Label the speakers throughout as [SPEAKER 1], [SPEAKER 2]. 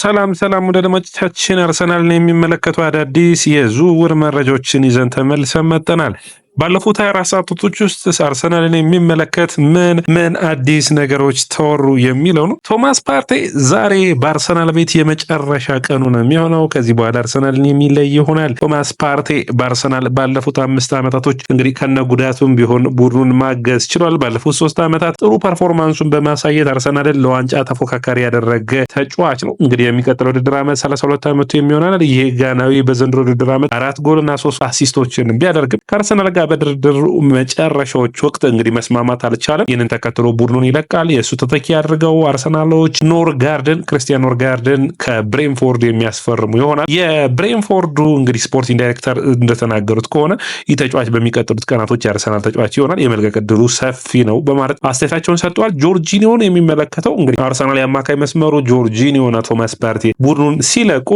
[SPEAKER 1] ሰላም ሰላም ወደ አድማጮቻችን አርሰናልን የሚመለከቱ አዳዲስ የዝውውር መረጃዎችን ይዘን ተመልሰን መጥተናል። ባለፉት 24 ሰዓታቶች ውስጥ አርሰናልን የሚመለከት ምን ምን አዲስ ነገሮች ተወሩ የሚለው ነው። ቶማስ ፓርቴ ዛሬ በአርሰናል ቤት የመጨረሻ ቀኑ ነው የሚሆነው። ከዚህ በኋላ አርሰናልን የሚለይ ይሆናል። ቶማስ ፓርቴ በአርሰናል ባለፉት አምስት ዓመታቶች እንግዲህ ከነ ጉዳቱም ቢሆን ቡድኑን ማገዝ ችሏል። ባለፉት ሶስት ዓመታት ጥሩ ፐርፎርማንሱን በማሳየት አርሰናልን ለዋንጫ ተፎካካሪ ያደረገ ተጫዋች ነው። እንግዲህ የሚቀጥለው ውድድር ዓመት 32 ዓመቱ የሚሆናል። ይሄ ጋናዊ በዘንድሮ ውድድር ዓመት አራት ጎልና ሶስት አሲስቶችን ቢያደርግም ከአርሰናል ጋር በድርድር መጨረሻዎች ወቅት እንግዲህ መስማማት አልቻለም። ይህንን ተከትሎ ቡድኑን ይለቃል። የእሱ ተተኪ ያድርገው አርሰናሎች ኖርጋርድን ክርስቲያን ኖርጋርድን ከብሬንፎርድ የሚያስፈርሙ ይሆናል። የብሬንፎርዱ እንግዲህ ስፖርቲንግ ዳይሬክተር እንደተናገሩት ከሆነ ይህ ተጫዋች በሚቀጥሉት ቀናቶች የአርሰናል ተጫዋች ይሆናል፣ የመልቀቅ ዕድሉ ሰፊ ነው በማለት አስተያየታቸውን ሰጥተዋል። ጆርጂኒዮን የሚመለከተው እንግዲህ አርሰናል የአማካይ መስመሩ ጆርጂኒዮና ቶማስ ፓርቲ ቡድኑን ሲለቁ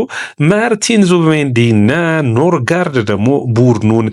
[SPEAKER 1] ማርቲን ዙቢሜንዲና ኖርጋርድ ደግሞ ቡድኑን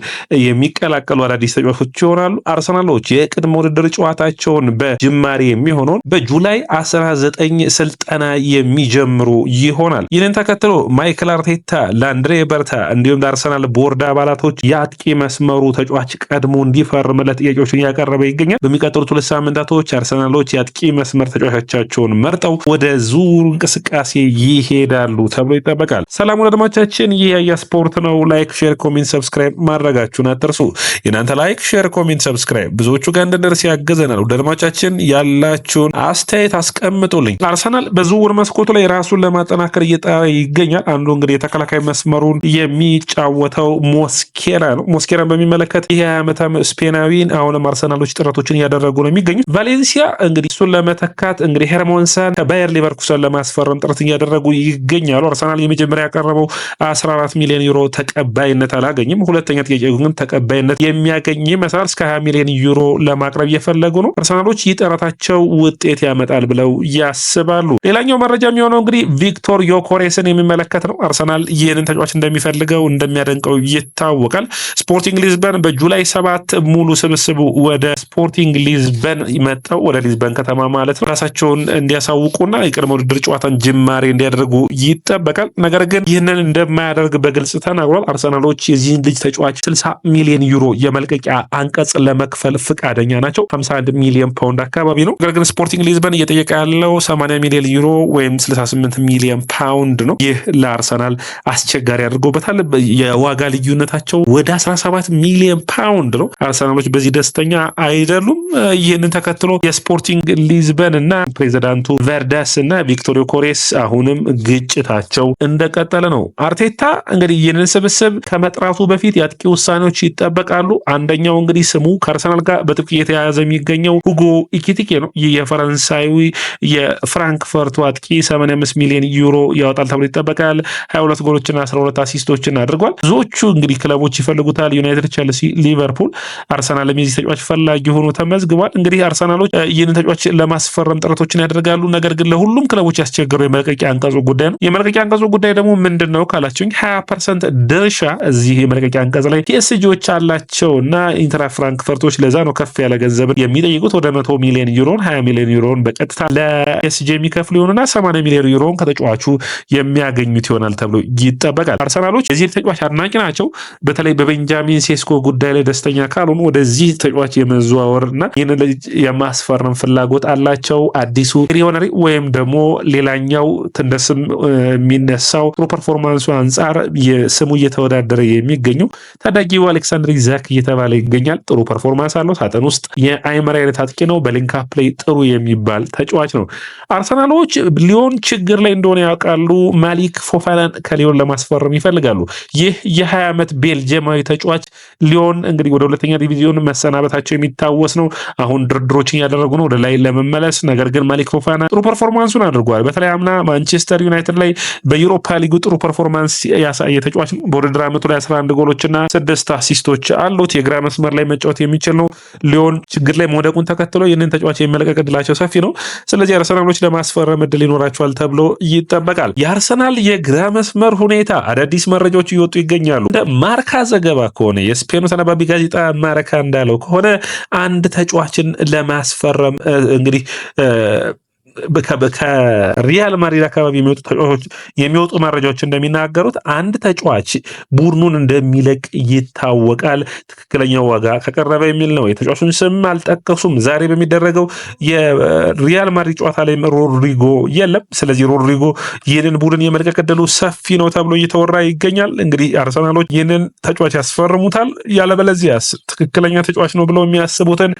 [SPEAKER 1] የሚቀላ የተቀላቀሉ አዳዲስ ተጫዋቾች ይሆናሉ። አርሰናሎች የቅድመ ውድድር ጨዋታቸውን በጅማሬ የሚሆነውን በጁላይ 19 ስልጠና የሚጀምሩ ይሆናል። ይህንን ተከትሎ ማይክል አርቴታ ለአንድሬ በርታ እንዲሁም ለአርሰናል ቦርድ አባላቶች የአጥቂ መስመሩ ተጫዋች ቀድሞ እንዲፈርምለት ጥያቄዎችን እያቀረበ ይገኛል። በሚቀጥሉት ሁለት ሳምንታቶች አርሰናሎች የአጥቂ መስመር ተጫዋቾቻቸውን መርጠው ወደ ዙር እንቅስቃሴ ይሄዳሉ ተብሎ ይጠበቃል። ሰላም ወዳጆቻችን፣ ይህ ስፖርት ነው። ላይክ፣ ሼር፣ ኮሜንት፣ ሰብስክራይብ ማድረጋችሁን አትርሱ። የእናንተ ላይክ፣ ሼር፣ ኮሜንት፣ ሰብስክራይብ ብዙዎቹ ጋር እንድንደርስ ያገዘናል። ወደ አድማጫችን ያላችሁን አስተያየት አስቀምጡልኝ። አርሰናል በዝውውር መስኮቱ ላይ ራሱን ለማጠናከር እየጣረ ይገኛል። አንዱ እንግዲህ የተከላካይ መስመሩን የሚጫወተው ሞስኬራ ነው። ሞስኬራን በሚመለከት ይህ ዓመታም ስፔናዊን አሁንም አርሰናሎች ጥረቶችን እያደረጉ ነው የሚገኙት። ቫሌንሲያ እንግዲህ እሱን ለመተካት እንግዲህ ሄርሞንሰን ከባየር ሊቨርኩሰን ለማስፈረም ጥረት እያደረጉ ይገኛሉ። አርሰናል የመጀመሪያ ያቀረበው 14 ሚሊዮን ዩሮ ተቀባይነት አላገኝም። ሁለተኛ ጥያቄ ግን ተቀባይነት የሚያገኝ ይመስላል። እስከ 20 ሚሊዮን ዩሮ ለማቅረብ እየፈለጉ ነው። አርሰናሎች ይህ ጥረታቸው ውጤት ያመጣል ብለው ያስባሉ። ሌላኛው መረጃ የሚሆነው እንግዲህ ቪክቶር ዮኮሬስን የሚመለከት ነው። አርሰናል ይህንን ተጫዋች እንደሚፈልገው እንደሚያደንቀው ይታወቃል። ስፖርቲንግ ሊዝበን በጁላይ ሰባት ሙሉ ስብስቡ ወደ ስፖርቲንግ ሊዝበን መጠው ወደ ሊዝበን ከተማ ማለት ነው ራሳቸውን እንዲያሳውቁና የቅድመ ውድድር ጨዋታን ጅማሬ እንዲያደርጉ ይጠበቃል። ነገር ግን ይህንን እንደማያደርግ በግልጽ ተናግሯል። አርሰናሎች የዚህን ልጅ ተጫዋች 60 ሚሊዮን ዩሮ የመልቀቂያ አንቀጽ ለመክፈል ፍቃደኛ ናቸው። 51 ሚሊዮን ፓውንድ አካባቢ ነው። ነገር ግን ስፖርቲንግ ሊዝበን እየጠየቀ ያለው 80 ሚሊዮን ዩሮ ወይም 68 ሚሊዮን ፓውንድ ነው። ይህ ለአርሰናል አስቸጋሪ አድርጎበታል። የዋጋ ልዩነታቸው ወደ 17 ሚሊዮን ፓውንድ ነው። አርሰናሎች በዚህ ደስተኛ አይደሉም። ይህንን ተከትሎ የስፖርቲንግ ሊዝበን እና ፕሬዚዳንቱ ቨርደስ እና ቪክቶሪዮ ኮሬስ አሁንም ግጭታቸው እንደቀጠለ ነው። አርቴታ እንግዲህ ይህንን ስብስብ ከመጥራቱ በፊት የአጥቂ ውሳኔዎች ይጠበቃሉ። ይጫወታሉ። አንደኛው እንግዲህ ስሙ ከአርሰናል ጋር በጥብቅ እየተያያዘ የሚገኘው ሁጎ ኢኪቲኬ ነው። ይህ የፈረንሳዊ የፍራንክፈርቱ አጥቂ 85 ሚሊዮን ዩሮ ያወጣል ተብሎ ይጠበቃል። 22 ጎሎችና 12 አሲስቶችን አድርጓል። ብዙዎቹ እንግዲህ ክለቦች ይፈልጉታል። ዩናይትድ፣ ቸልሲ፣ ሊቨርፑል፣ አርሰናል ለሚዚህ ተጫዋች ፈላጊ ሆኖ ተመዝግቧል። እንግዲህ አርሰናሎች ይህንን ተጫዋች ለማስፈረም ጥረቶችን ያደርጋሉ። ነገር ግን ለሁሉም ክለቦች ያስቸገረው የመልቀቂያ አንቀጹ ጉዳይ ነው። የመልቀቂያ አንቀጹ ጉዳይ ደግሞ ምንድን ነው ካላቸው 20 ፐርሰንት ድርሻ እዚህ የመልቀቂያ አንቀጽ ላይ ፒኤስጂዎች አላቸው ናቸው እና ኢንትራ ፍራንክፈርቶች ለዛ ነው ከፍ ያለ ገንዘብ የሚጠይቁት ወደ መቶ ሚሊዮን ዩሮን ሀያ ሚሊዮን ዩሮን በቀጥታ ለኤስጂ የሚከፍሉ ይሆንና ሰማንያ ሚሊዮን ዩሮን ከተጫዋቹ የሚያገኙት ይሆናል ተብሎ ይጠበቃል። አርሰናሎች የዚህ ተጫዋች አድናቂ ናቸው። በተለይ በቤንጃሚን ሴስኮ ጉዳይ ላይ ደስተኛ ካልሆኑ ወደዚህ ተጫዋች የመዘዋወር እና ይህን ልጅ የማስፈረም ፍላጎት አላቸው። አዲሱ ሪዮነሪ ወይም ደግሞ ሌላኛው ትንደስም የሚነሳው ጥሩ ፐርፎርማንሱ አንጻር ስሙ እየተወዳደረ የሚገኘው ታዳጊው አሌክሳንድሪ ዘ ሳክ እየተባለ ይገኛል። ጥሩ ፐርፎርማንስ አለው። ሳጥን ውስጥ የአይመር አይነት አጥቂ ነው። በሊንካ ላይ ጥሩ የሚባል ተጫዋች ነው። አርሰናሎች ሊዮን ችግር ላይ እንደሆነ ያውቃሉ። ማሊክ ፎፋናን ከሊዮን ለማስፈረም ይፈልጋሉ። ይህ የ20 ዓመት ቤልጅየማዊ ተጫዋች ሊዮን እንግዲህ ወደ ሁለተኛ ዲቪዚዮን መሰናበታቸው የሚታወስ ነው። አሁን ድርድሮችን ያደረጉ ነው ወደ ላይ ለመመለስ። ነገር ግን ማሊክ ፎፋና ጥሩ ፐርፎርማንሱን አድርጓል። በተለይ አምና ማንቸስተር ዩናይትድ ላይ በዩሮፓ ሊጉ ጥሩ ፐርፎርማንስ ያሳየ ተጫዋች በውድድር ዓመቱ ላይ 11 ጎሎችና ስድስት አሲስቶች አሉ። ካሉት የግራ መስመር ላይ መጫወት የሚችል ነው። ሊዮን ችግር ላይ መውደቁን ተከትሎ ይህንን ተጫዋች የመለቀቅ እድላቸው ሰፊ ነው። ስለዚህ አርሰናሎች ለማስፈረም እድል ይኖራቸዋል ተብሎ ይጠበቃል። የአርሰናል የግራ መስመር ሁኔታ አዳዲስ መረጃዎች እየወጡ ይገኛሉ። እንደ ማርካ ዘገባ ከሆነ የስፔኑ ተነባቢ ጋዜጣ ማረካ እንዳለው ከሆነ አንድ ተጫዋችን ለማስፈረም እንግዲህ ከሪያል ማድሪድ አካባቢ የሚወጡ መረጃዎች እንደሚናገሩት አንድ ተጫዋች ቡድኑን እንደሚለቅ ይታወቃል። ትክክለኛ ዋጋ ከቀረበ የሚል ነው። የተጫዋቹን ስም አልጠቀሱም። ዛሬ በሚደረገው የሪያል ማድሪድ ጨዋታ ላይም ሮድሪጎ የለም። ስለዚህ ሮድሪጎ ይህንን ቡድን የመልቀቅ ዕድሉ ሰፊ ነው ተብሎ እየተወራ ይገኛል። እንግዲህ አርሰናሎች ይህንን ተጫዋች ያስፈርሙታል። ያለበለዚያስ ትክክለኛ ተጫዋች ነው ብለው የሚያስቡትን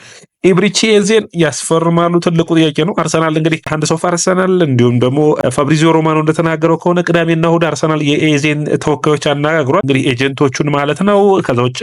[SPEAKER 1] ኢብሪቺኤዜን ያስፈርማሉ? ትልቁ ጥያቄ ነው። አርሰናል እንግዲህ አንድ ሰው አርሰናል እንዲሁም ደግሞ ፋብሪዚዮ ሮማኖ እንደተናገረው ከሆነ ቅዳሜና እሑድ አርሰናል የኤዜን ተወካዮች አነጋግሯል። እንግዲህ ኤጀንቶቹን ማለት ነው። ከዛ ውጭ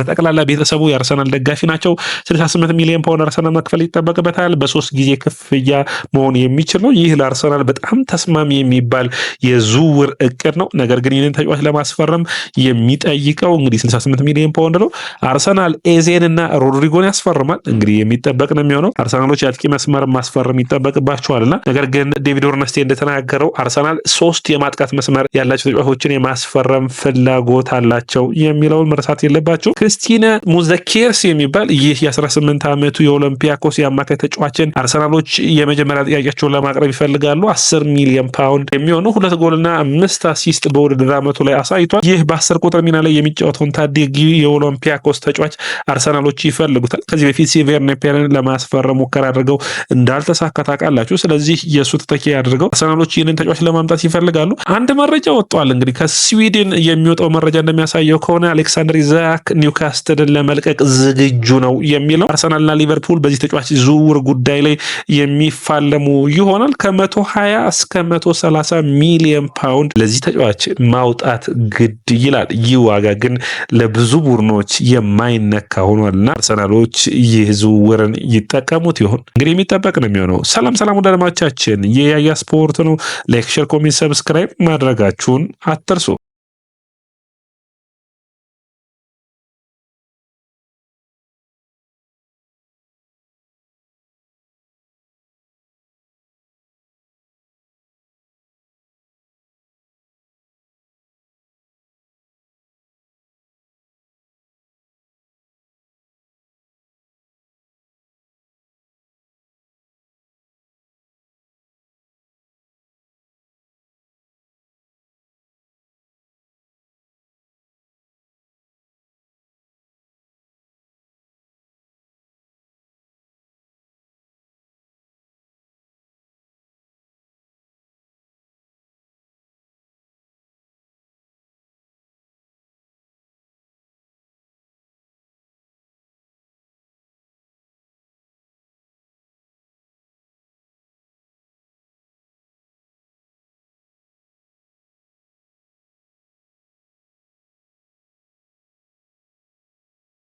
[SPEAKER 1] በጠቅላላ ቤተሰቡ የአርሰናል ደጋፊ ናቸው። 68 ሚሊዮን ፓውንድ አርሰናል መክፈል ይጠበቅበታል። በሶስት ጊዜ ክፍያ መሆን የሚችል ነው። ይህ ለአርሰናል በጣም ተስማሚ የሚባል የዝውውር እቅድ ነው። ነገር ግን ይህንን ተጫዋች ለማስፈረም የሚጠይቀው እንግዲህ 68 ሚሊዮን ፓውንድ ነው። አርሰናል ኤዜን እና ሮድሪጎን ያስፈርማል እንግዲህ የሚጠበቅ ነው የሚሆነው። አርሰናሎች የአጥቂ መስመር ማስፈረም ይጠበቅባቸዋልና ነገር ግን ዴቪድ ኦርነስቴ እንደተናገረው አርሰናል ሶስት የማጥቃት መስመር ያላቸው ተጫዋቾችን የማስፈረም ፍላጎት አላቸው የሚለውን መርሳት የለባቸው። ክርስቲነ ሙዘኬርስ የሚባል ይህ የ18 ዓመቱ የኦሎምፒያኮስ የአማካይ ተጫዋችን አርሰናሎች የመጀመሪያ ጥያቄያቸውን ለማቅረብ ይፈልጋሉ። 10 ሚሊዮን ፓውንድ የሚሆኑ ሁለት ጎልና አምስት አሲስት በውድድር ዓመቱ ላይ አሳይቷል። ይህ በአስር ቁጥር ሚና ላይ የሚጫወተውን ታዳጊ የኦሎምፒያኮስ ተጫዋች አርሰናሎች ይፈልጉታል። ከዚህ በፊት ሲቬር ኔፔርን ለማስፈረም ሙከራ አድርገው እንዳልተሳካ ታውቃላችሁ። ስለዚህ የእሱ ተተኪ አድርገው አርሰናሎች ይህንን ተጫዋች ለማምጣት ይፈልጋሉ። አንድ መረጃ ወጥቷል። እንግዲህ ከስዊድን የሚወጣው መረጃ እንደሚያሳየው ከሆነ አሌክሳንደር ኢዛክ ኒውካስትልን ለመልቀቅ ዝግጁ ነው የሚለው አርሰናልና ሊቨርፑል በዚህ ተጫዋች ዝውውር ጉዳይ ላይ የሚፋለሙ ይሆናል። ከመቶ ሀያ እስከ መቶ ሰላሳ ሚሊዮን ፓውንድ ለዚህ ተጫዋች ማውጣት ግድ ይላል። ይህ ዋጋ ግን ለብዙ ቡድኖች የማይነካ ሆኗልና አርሰናሎች ይህ ዝውውርን ይጠቀሙት ይሆን? እንግዲህ የሚጠበቅ ነው የሚሆነው። ሰላም ሰላም፣ ወደ አድማቻችን የያያ ስፖርት ነው። ላይክ፣ ሼር፣ ኮሜንት፣ ሰብስክራይብ ማድረጋችሁን አትርሱ።